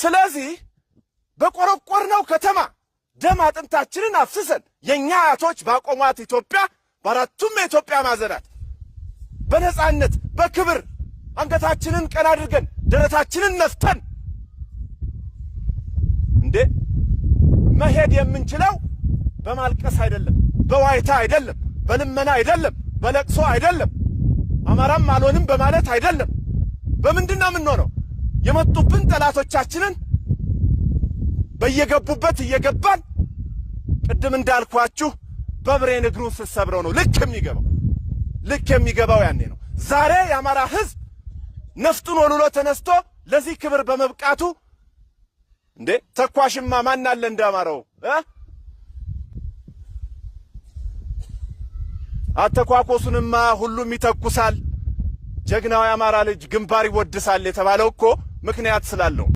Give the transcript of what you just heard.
ስለዚህ በቆረቆርነው ከተማ ደም አጥንታችንን አፍስሰን የእኛ አያቶች ባቆሟት ኢትዮጵያ በአራቱም የኢትዮጵያ ማዕዘናት በነጻነት በክብር አንገታችንን ቀና አድርገን ደረታችንን ነፍተን እንዴ መሄድ የምንችለው በማልቀስ አይደለም፣ በዋይታ አይደለም፣ በልመና አይደለም፣ በለቅሶ አይደለም፣ አማራም አልሆንም በማለት አይደለም። በምንድን ነው የምንሆነው? የመጡብን ጠላቶቻችንን በየገቡበት እየገባን ቅድም እንዳልኳችሁ በብሬን እግሩን ስትሰብረው ነው ልክ የሚገባው ልክ የሚገባው ያኔ ነው። ዛሬ የአማራ ህዝብ ነፍጡን ወልውሎ ተነስቶ ለዚህ ክብር በመብቃቱ እንዴ ተኳሽማ ማን አለ እንዳማረው አተኳኮሱንማ ሁሉም ይተኩሳል። ጀግናው የአማራ ልጅ ግንባር ይወድሳል የተባለው እኮ ምክንያት ስላለው